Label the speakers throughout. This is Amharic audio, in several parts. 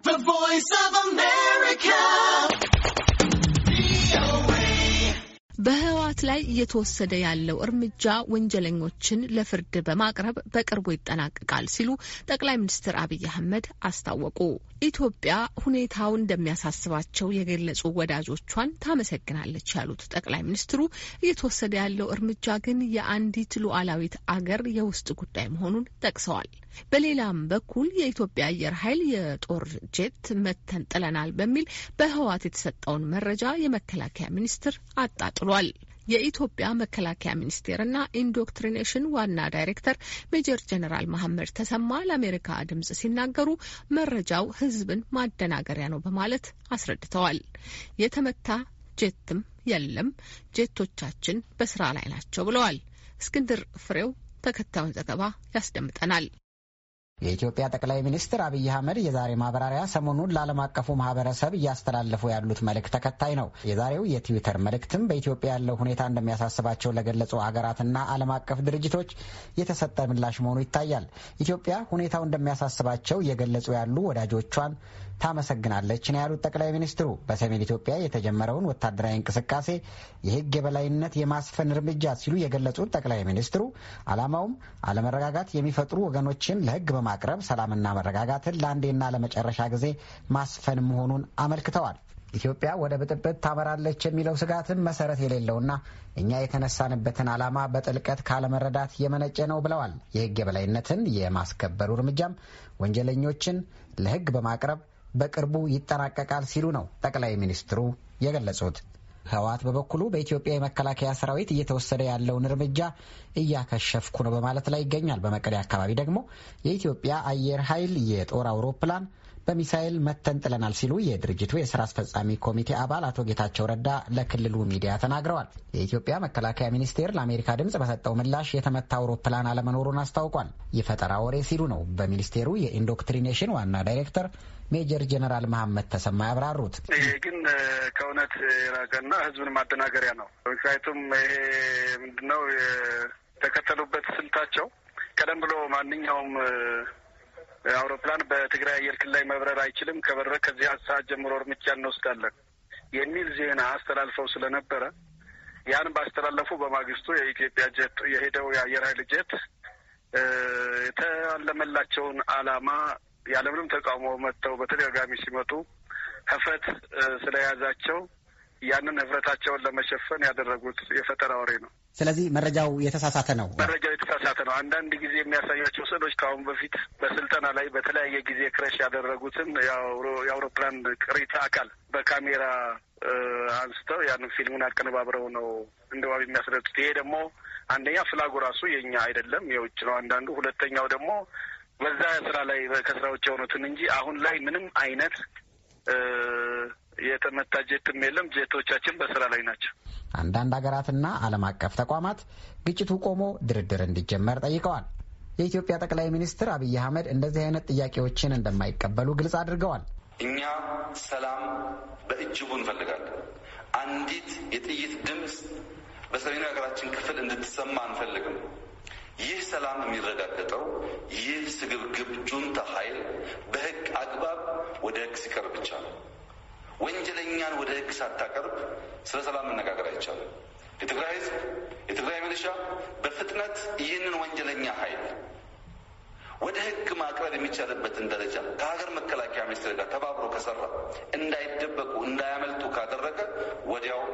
Speaker 1: The Voice of America.
Speaker 2: በህወሓት ላይ እየተወሰደ ያለው እርምጃ ወንጀለኞችን ለፍርድ በማቅረብ በቅርቡ ይጠናቀቃል ሲሉ ጠቅላይ ሚኒስትር አብይ አህመድ አስታወቁ። ኢትዮጵያ ሁኔታው እንደሚያሳስባቸው የገለጹ ወዳጆቿን ታመሰግናለች ያሉት ጠቅላይ ሚኒስትሩ እየተወሰደ ያለው እርምጃ ግን የአንዲት ሉዓላዊት አገር የውስጥ ጉዳይ መሆኑን ጠቅሰዋል። በሌላም በኩል የኢትዮጵያ አየር ኃይል የጦር ጄት መተን ጥለናል በሚል በህወሓት የተሰጠውን መረጃ የመከላከያ ሚኒስቴር አጣጥሏል። የኢትዮጵያ መከላከያ ሚኒስቴርና ኢንዶክትሪኔሽን ዋና ዳይሬክተር ሜጀር ጀነራል መሐመድ ተሰማ ለአሜሪካ ድምጽ ሲናገሩ መረጃው ህዝብን ማደናገሪያ ነው በማለት አስረድተዋል። የተመታ ጄትም የለም፣ ጄቶቻችን በስራ ላይ ናቸው ብለዋል። እስክንድር ፍሬው ተከታዩን ዘገባ ያስደምጠናል።
Speaker 3: የኢትዮጵያ ጠቅላይ ሚኒስትር አብይ አህመድ የዛሬ ማብራሪያ ሰሞኑን ለዓለም አቀፉ ማህበረሰብ እያስተላለፉ ያሉት መልእክት ተከታይ ነው። የዛሬው የትዊተር መልእክትም በኢትዮጵያ ያለው ሁኔታ እንደሚያሳስባቸው ለገለጹ ሀገራትና ዓለም አቀፍ ድርጅቶች የተሰጠ ምላሽ መሆኑ ይታያል። ኢትዮጵያ ሁኔታው እንደሚያሳስባቸው እየገለጹ ያሉ ወዳጆቿን ታመሰግናለች ነው ያሉት ጠቅላይ ሚኒስትሩ። በሰሜን ኢትዮጵያ የተጀመረውን ወታደራዊ እንቅስቃሴ የህግ የበላይነት የማስፈን እርምጃ ሲሉ የገለጹት ጠቅላይ ሚኒስትሩ አላማውም አለመረጋጋት የሚፈጥሩ ወገኖችን ለህግ በማ ማቅረብ ሰላምና መረጋጋትን ለአንዴና ለመጨረሻ ጊዜ ማስፈን መሆኑን አመልክተዋል። ኢትዮጵያ ወደ ብጥብጥ ታመራለች የሚለው ስጋትም መሰረት የሌለውና እኛ የተነሳንበትን ዓላማ በጥልቀት ካለመረዳት የመነጨ ነው ብለዋል። የሕግ የበላይነትን የማስከበሩ እርምጃም ወንጀለኞችን ለሕግ በማቅረብ በቅርቡ ይጠናቀቃል ሲሉ ነው ጠቅላይ ሚኒስትሩ የገለጹት። ህወሓት በበኩሉ በኢትዮጵያ የመከላከያ ሰራዊት እየተወሰደ ያለውን እርምጃ እያከሸፍኩ ነው በማለት ላይ ይገኛል። በመቀሌ አካባቢ ደግሞ የኢትዮጵያ አየር ኃይል የጦር አውሮፕላን በሚሳኤል መተን ጥለናል ሲሉ የድርጅቱ የስራ አስፈጻሚ ኮሚቴ አባል አቶ ጌታቸው ረዳ ለክልሉ ሚዲያ ተናግረዋል። የኢትዮጵያ መከላከያ ሚኒስቴር ለአሜሪካ ድምፅ በሰጠው ምላሽ የተመታ አውሮፕላን አለመኖሩን አስታውቋል። የፈጠራ ወሬ ሲሉ ነው በሚኒስቴሩ የኢንዶክትሪኔሽን ዋና ዳይሬክተር ሜጀር ጀነራል መሐመድ ተሰማ ያብራሩት።
Speaker 4: ይህ ግን ከእውነት የራቀና ህዝብን ማደናገሪያ ነው። ምክንያቱም ይሄ ምንድነው የተከተሉበት ስልታቸው ቀደም ብሎ ማንኛውም አውሮፕላን በትግራይ አየር ክልል ላይ መብረር አይችልም፣ ከበረረ ከዚህ ሰዓት ጀምሮ እርምጃ እንወስዳለን የሚል ዜና አስተላልፈው ስለነበረ ያን ባስተላለፉ በማግስቱ የኢትዮጵያ ጀት የሄደው የአየር ኃይል ጀት የተለመላቸውን ዓላማ ያለምንም ተቃውሞ መጥተው በተደጋጋሚ ሲመጡ ህፍረት ስለያዛቸው ያንን ህፍረታቸውን ለመሸፈን ያደረጉት የፈጠራ ወሬ ነው።
Speaker 3: ስለዚህ መረጃው የተሳሳተ ነው። መረጃው
Speaker 4: የተሳሳተ ነው። አንዳንድ ጊዜ የሚያሳያቸው ስዕሎች ከአሁን በፊት በስልጠና ላይ በተለያየ ጊዜ ክረሽ ያደረጉትን የአውሮፕላን ቅሪተ አካል በካሜራ አንስተው ያንን ፊልሙን አቀነባብረው ነው እንደዋብ የሚያስረዱት። ይሄ ደግሞ አንደኛ ፍላጎ ራሱ የኛ አይደለም የውጭ ነው አንዳንዱ። ሁለተኛው ደግሞ በዛ ስራ ላይ ከስራ ውጭ የሆኑትን እንጂ አሁን ላይ ምንም አይነት የተመታ ጀትም የለም። ጀቶቻችን በስራ ላይ ናቸው።
Speaker 3: አንዳንድ ሀገራትና ዓለም አቀፍ ተቋማት ግጭቱ ቆሞ ድርድር እንዲጀመር ጠይቀዋል። የኢትዮጵያ ጠቅላይ ሚኒስትር አብይ አህመድ እንደዚህ አይነት ጥያቄዎችን እንደማይቀበሉ ግልጽ አድርገዋል። እኛ ሰላም በእጅጉ እንፈልጋለን። አንዲት የጥይት ድምፅ በሰሜኑ የሀገራችን ክፍል እንድትሰማ አንፈልግም። ሰላም የሚረጋገጠው ይህ ስግብግብ
Speaker 1: ጁንታ ኃይል በህግ አግባብ ወደ ህግ ሲቀርብ ብቻ ነው። ወንጀለኛን ወደ ህግ ሳታቀርብ ስለ ሰላም መነጋገር አይቻልም። የትግራይ ህዝብ፣ የትግራይ ሚሊሻ በፍጥነት ይህንን ወንጀለኛ ኃይል ወደ ህግ ማቅረብ የሚቻልበትን ደረጃ ከሀገር መከላከያ ሚኒስቴር ጋር ተባብሮ ከሰራ፣ እንዳይደበቁ እንዳያመልጡ ካደረገ ወዲያው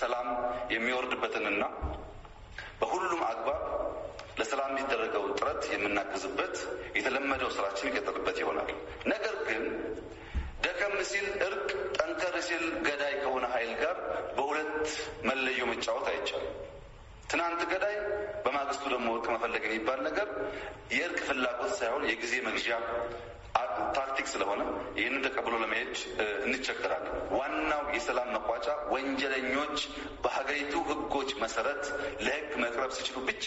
Speaker 1: ሰላም የሚወርድበትንና በሁሉም አግባብ ለሰላም የሚደረገው ጥረት የምናግዝበት የተለመደው ስራችን ይቀጥልበት ይሆናል። ነገር ግን ደከም ሲል እርቅ፣ ጠንከር ሲል ገዳይ ከሆነ ኃይል ጋር በሁለት መለዮ መጫወት አይቻልም። ትናንት ገዳይ በማግስቱ ደግሞ እርቅ መፈለግ የሚባል ነገር የእርቅ ፍላጎት ሳይሆን የጊዜ መግዣ ታክቲክ ስለሆነ ይህንን ተቀብሎ ለመሄድ እንቸገራለን። ዋናው የሰላም መቋጫ ወንጀለኞች
Speaker 3: በሀገሪቱ ህጎች መሰረት ለህግ መቅረብ ሲችሉ ብቻ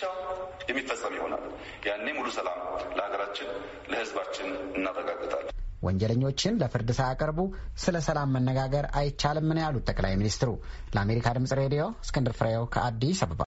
Speaker 3: የሚፈጸም ይሆናል። ያኔ ሙሉ ሰላም ለሀገራችን ለህዝባችን እናረጋግጣለን። ወንጀለኞችን ለፍርድ ሳያቀርቡ ስለ ሰላም መነጋገር አይቻልም ነው ያሉት ጠቅላይ ሚኒስትሩ። ለአሜሪካ ድምጽ ሬዲዮ እስክንድር ፍሬው ከአዲስ አበባ